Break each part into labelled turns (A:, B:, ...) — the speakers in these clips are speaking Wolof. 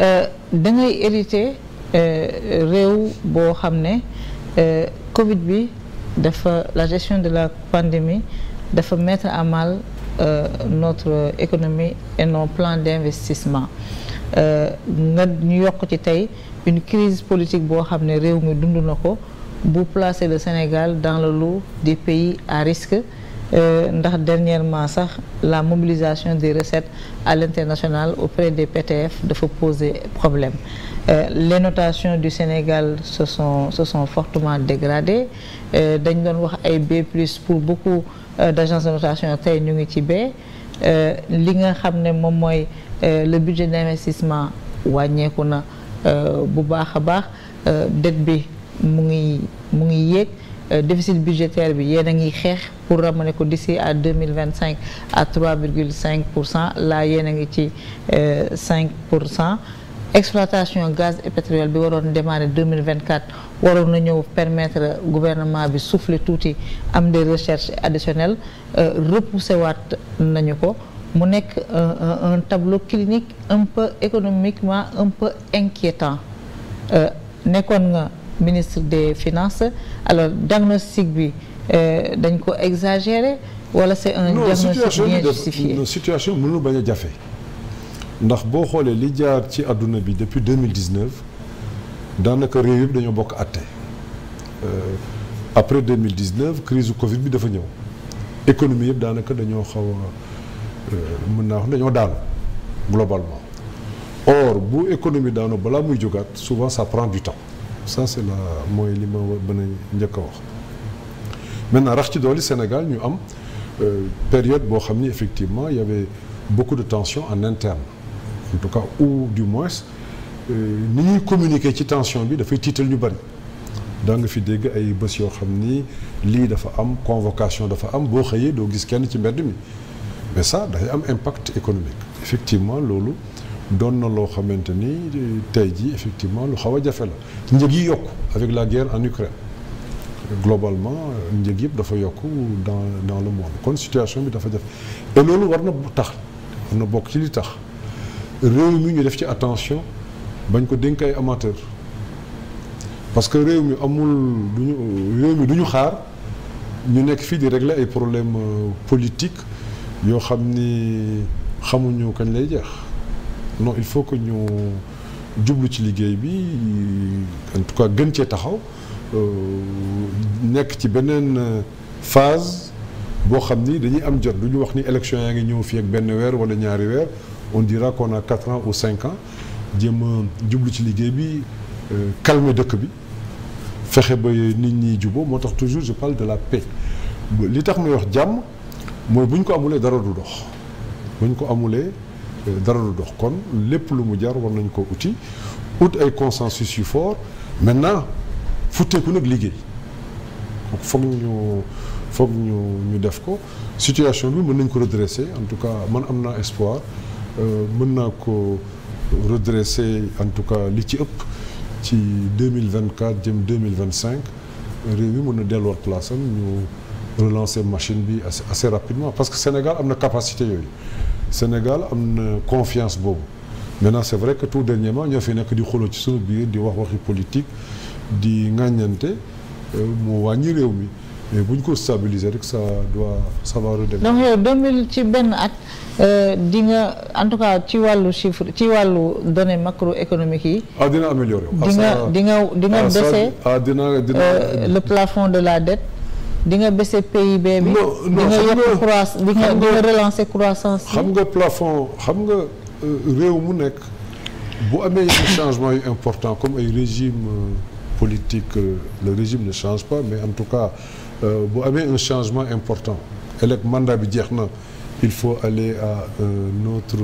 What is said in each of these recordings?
A: Euh, da ngay hérité euh, réew boo xam ne euh, Covid bi dafa la gestion de la pandémie dafa mettre à mal euh, notre économie et nos plans d'investissement nga ñu yokk ci tey une crise politique boo xam ne réew mi dund na ko bu placer le Sénégal dans le lot des pays à risque Euh, ndax dernièrement sax la mobilisation des recettes à l'international auprès des PTF dafa poser problème euh, les notations du Sénégal se sont se sont fortement dégradées euh, dañ doon wax ay B plus pour beaucoup d'agences de notation tey ñu ngi ci B li nga xam ne moom mooy le budget d'investissement wàññeeku na bu baax a baax dette bi mu ngi mu ngi yéeg Euh, déficit budgétaire bi yéen a ngi xeex pour ramener ko d'ici à deux mille vingt cinq à trois virgule cinq pour cent là yéen a ngi ci euh, cinq pour cent exploitation gaz et pétrole bi waroon démarrer deux mille vingt quatre waroon na ñëw permettre gouvernement bi souffler tuuti am de recherches additionnelles euh, repousser waat nañu ko mu nekk un tableau clinique un peu économiquement un peu inquiétant nekkoon nga. ministre des finances alors diagnostic bi euh, dañ ko exagéré wala c'est un diagnostic bien justifié
B: non situation mënul bañ a jafe ndax boo xoolee li jaar ci àdduna bi depuis 2019 daanaka réew yëpp dañoo bokk àtte euh, après 2019 crise Covid bi dafa ñëw économie yëpp daanaka dañoo xaw a euh, mën naa wax dañoo daanu globalement or bu économie daanu balaa muy jógaat souvent ça prend du temps ça c'est la mooy li ma mën njëkk a wax maintenant rax ci dooli Sénégal ñu am euh, période boo xam ni effectivement il y beaucoup de tensions en interne en tout cas ou du moins euh, ni ñuy communiquer ci tension bi dafay tiital ñu bari daa nga fi dégg ay bës yoo xam ni lii dafa am convocation dafa am boo xëyee doo gis kenn ci mbedd mi mais ça day am impact économique effectivement loolu doon na loo xamante ni tey jii effectivement lu xaw a jafe la njëg yi yokku avec la guerre en Ukraine globalement njëg yëpp dafa yokk dans dans le monde kon situation bi dafa jafe loolu war na tax war na bokk ci li tax réew mi ñu def ci attention bañ ko dénk ay amateur parce que réew mi amul duñu réew mi du ñu xaar ñu nekk fii di régler ay problèmes euh, politiques yoo xam ni xamuñu kañ lay jeex non il faut que ñu jublu ci liggéey bi en tout cas gën cee taxaw euh, nekk ci beneen phase boo xam ni dañuy am jot du ñu wax ni élection yaa ngi ñëw fii ak benn weer wala ñaari weer on dira qu'on a quatre ans ou cinq ans jéem a jublu ci liggéey bi euh, calmer dëkk bi fexe ba nit ñi juboo moo tax toujours je parle de la paix li tax may wax jàmm mooy buñ ko amulee dara du dox bu ko amulee. Euh, dara du dox kon lépp lu mu jar war nañ ko uti ut ay consensus yu fort maintenant futteeku nag liggéey foog ñu foog ñu ñu def ko situation bi mën nañ ko redresser en tout cas man am naa espoir euh, mën naa ko redresser en tout cas li ci ëpp ci 2024 jëm 2025 réew mi mën na delluwaat place am ñu relancer machine bi assez rapidement parce que Sénégal am na capacité yooyu Sénégal am na confiance boobu maintenant c'est vrai que tout dernièrement ñoo fi nekk di xuloo ci suñu biir di wax waxi politique di ŋàññante euh, mu wàññi réew mi buñ ko stabiliser rek ça doit ça va redémarrer.
A: donc ci benn at euh, di en tout cas ci wàllu chiffre ci wàllu données macroéconomiques yi.
B: ah dina améliorer. di nga ah, di nga di dese. Ah, ah, euh,
A: le plafond de la dette. di nga baisser PIB bi. non non di nga yokk croissance di nga di nga relancer croissance
B: xam nga plafond xam nga euh, réew mu nekk bu amee yenn changement yu important comme ay régime euh, politique euh, le régime ne change pas mais en tout cas bu amee un changement important élec mandat bi jeex na il faut aller à un autre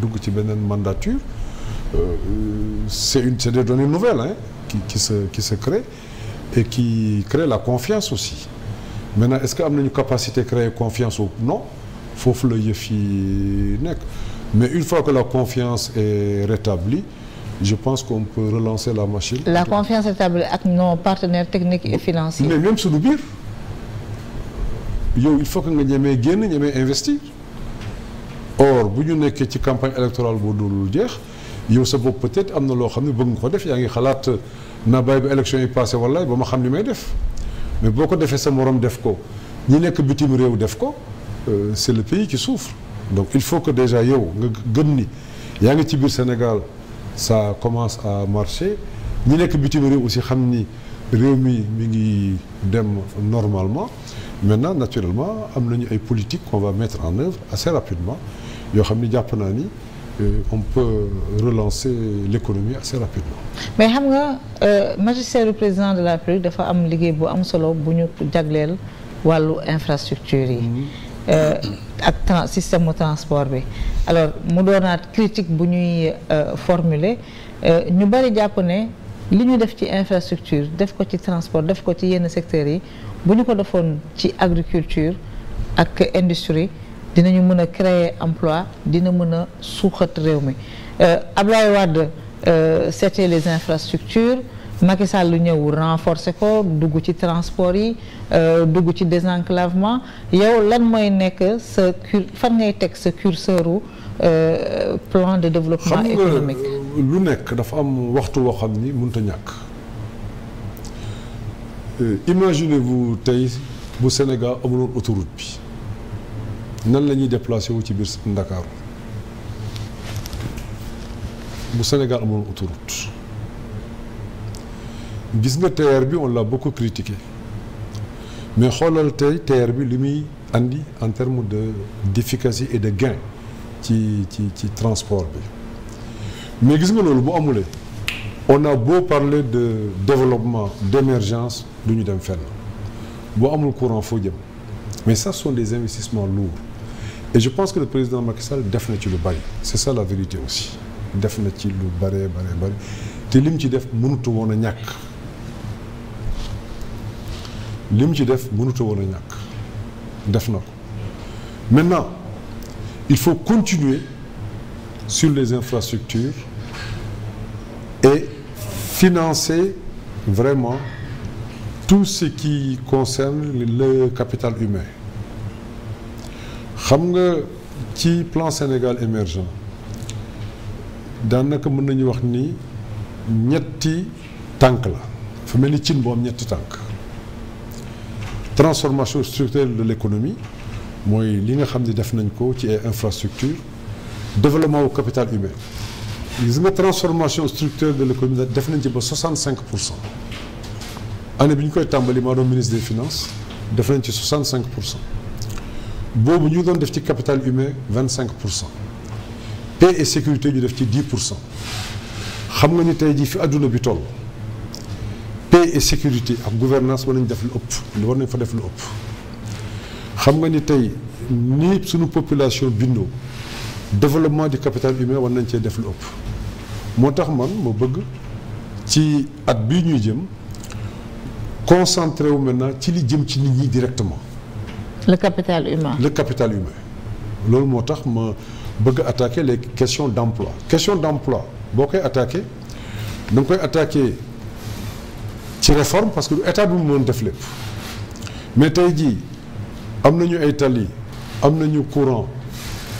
B: dugg ci beneen mandature c'est une c'est des données nouvelles hein qui qui se qui se créent et qui crée la confiance aussi maintenant est-ce que am nañu capacité créer confiance ou no foofu la yëf yi nekk mais une fois que la confiance est rétablie je pense qu'on peut relancer la machine. la
A: confiance rétablie ak nos partenaires techniques et financiers. mais
B: même suñu biir yow il faut que nga ñemee génn ñemee investir or bu ñu nekkee ci campagne électorale bu dul jeex yow sa bopp peut am na loo xam ne bëgg nga ko def yaa ngi xalaat. naa bàyyi ba élection yi passé wallaay ba ma xam li may def mais boo ko defee sa morom def ko ñi nekk bitim réew def ko euh, c'est le pays qui souffre donc il faut que déjà yow nga gën ni yaa ngi ci biir Sénégal sa commence a marcher ñi nekk bitim réew aussi xam ni réew mi mi ngi dem normalement maintenant naturellement am nañu ay politiques qu'on va mettre en œuvre assez rapidement yoo xam ni jàpp naa nii on peut
A: mais xam nga euh, magistère du président la République dafa am liggéey bu am solo bu ñu jagleel wàllu infrastructure yi. Mhm. Euh, ak trans système mu transport bi alors mu doonaat critique bu ñuy euh, formuler ñu bari jàpp ne li ñu def ci infrastructure def ko ci transport def ko ci yenn secteurs yi bu ñu ko defoon ci agriculture ak industrie. dinañu mën a créer emploi dina mën a suuxat réew mi euh, Ablaye Wade euh, c'était les infrastructures Macky Sall lu ñëw renforcer ko dugg ci transport yi euh, dugg ci désenclavement yow lan mooy nekk sa cur fan ngay teg sa curseur u plan de développement économique
B: lu nekk dafa am waxtu woo xam ni mënut a ñàkk imaginez-vous tey bu Sénégal amuloon autoroute bi nan la ñuy déplacé wu ci biir Ndakaaru bu Sénégal amoon autoroute gis nga TER bi on l'a beaucoup critiqué mais xoolal tey TER bi li muy andi en termes de d'efficacité et de gain ci ci ci transport bi mais gis nga loolu bu amulee on a beau parler de développement d'émergence duñu dem fenn boo amul courant foo jëm mais ça ce des investissements lourds et je pense que le président Macky Sall def na ci lu bari c'est ça la vérité aussi def na ci lu bëree bare bëri te mu ci def mënutu woon a ñàkk mu ci def mënutu woon a ñàkk def na ko maintenant il faut continuer sur les infrastructures et financer vraiment tout ce qui concerne le capital humain xam nga ci plan Sénégal émergent daanaka mën nañu wax ni ñetti tànk la fa mel ni cin boo am ñetti tànk transformation structurelle de l'économie mooy li nga xam ni def nañ ko ci ay infrastructure développement au capital humain gis nga transformation structurelle de l'économie def nañ ci ba 65 pour cent année bi ñu koy tàmbali maa doon ministre des finances def nañ ci cinq pour cent boobu ñu ngi doon def ci capital humain vingt cinq pour cent paix et sécurité ñu def ci dix pour cent xam nga ni tey jii fi adduna bi toll paix et sécurité ak gouvernance war nañ def lu ëpp war nañ fa def lu ëpp xam nga ni tey nii suñu population bindoo développement du capital humain war nañ cee def lu ëpp moo tax man ma bëgg ci at bii ñuy jëm concentré wu maintenant ci li jëm ci nit ñi directement le capital humain le capital humain loolu moo tax ma bëgg attaquer les question d'emploi question d'emploi boo koy attaquer da koy attaquer ci réforme parce que du état bi mu mën def lépp mais tey jii am nañu ay tali am nañu courant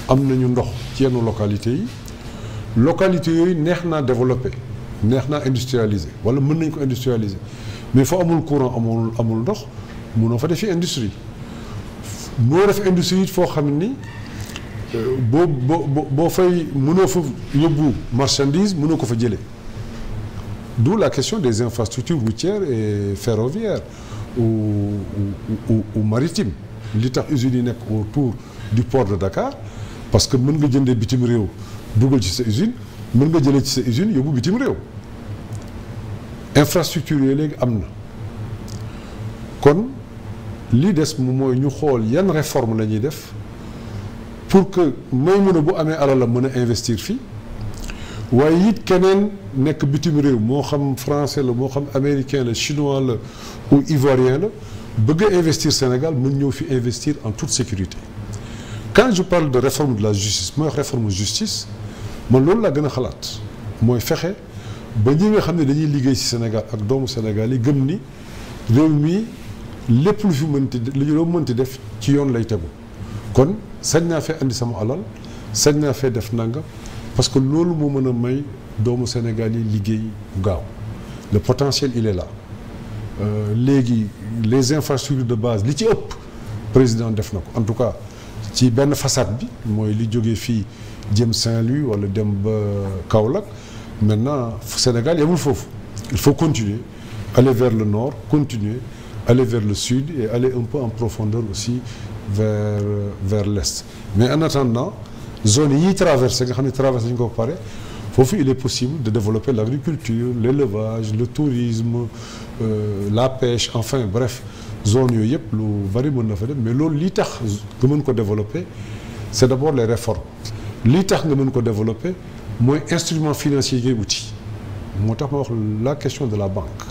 B: am nañu ndox ci yenn localité yi localités yooyu neex naa développer neex naa industrialiser wala mën nañ ko industrialiser mais foo amul courant amul amul ndox mënoo fa defi industrie moo ref industrie it foo xam ni euh, boo boo boo fay mënoo fa yóbbu marchandise mënoo ko fa jëlee d'où la question des infrastructures routières et ferroviaires ou ou ou, ou maritimes li tax usines yi nekk autour du port de Dakar parce que mën nga jëndee bitim réew dugal ci sa usine mën nga jëlee ci sa usine yóbbu bitim réew infrastructure yooyu léegi am na kon. lii des moom mooy ñu xool yan réforme la ñuy def pour que a bu amee alal la mën a investir fii waaye it keneen nekk bitim réew moo xam français la moo xam américain la chinois la ou ivoirien la bëgg a investir Sénégal mën ñëw fi investir en toute sécurité quand je parle de réforme de la justice mooy réforme justice man loolu laa gën a xalaat mooy fexe ba ñi nga xam ne dañuy liggéey ci Sénégal ak doomu sénégali gëm ni réew mi lépp lu fi mënti lu loo mënti def ci yoon lay tegu kon sañ naa fee andi sama alal sañ naa fee def nangam parce que loolu moo mën a may doomu Sénégal yi liggéey bu gaaw le potentiel il est là euh, léegi les infrastructures de base li ci ëpp président def na ko en tout cas ci benn façade bi mooy li jógee fii jëm Saint-Louis wala dem ba Kaolack maintenant Sénégal yemul foofu il faut continuer aller le nord continuer aller vers le sud et aller un peu en profondeur aussi vers vers l'est mais en attendant zone yi traversé nga xam ne traversé nañu ko pare foofu il est possible de développer l'agriculture l'élevage le tourisme euh, la pêche enfin bref zone yooyu yëpp lu bari mën na fa dem mais loolu lii tax nga mën ko développer c'est d'abord les réformes lii tax nga mën ko développer mooy instrument financier yi ngay wuti moo tax ma wax la question de la banque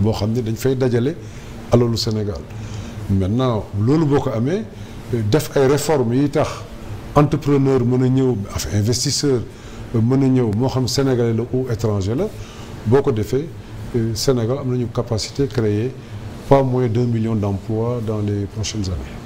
B: boo xam ne dañ fay dajale alalu Sénégal maintenant loolu boo ko amee def ay réformes yi tax entrepreneur mën a ñëw af investisseur mën a ñëw moo xam sénégalais la ou étranger la boo ko defee euh, Sénégal am nañu capacité créer pas moins d'un million d'emplois dans les prochaines années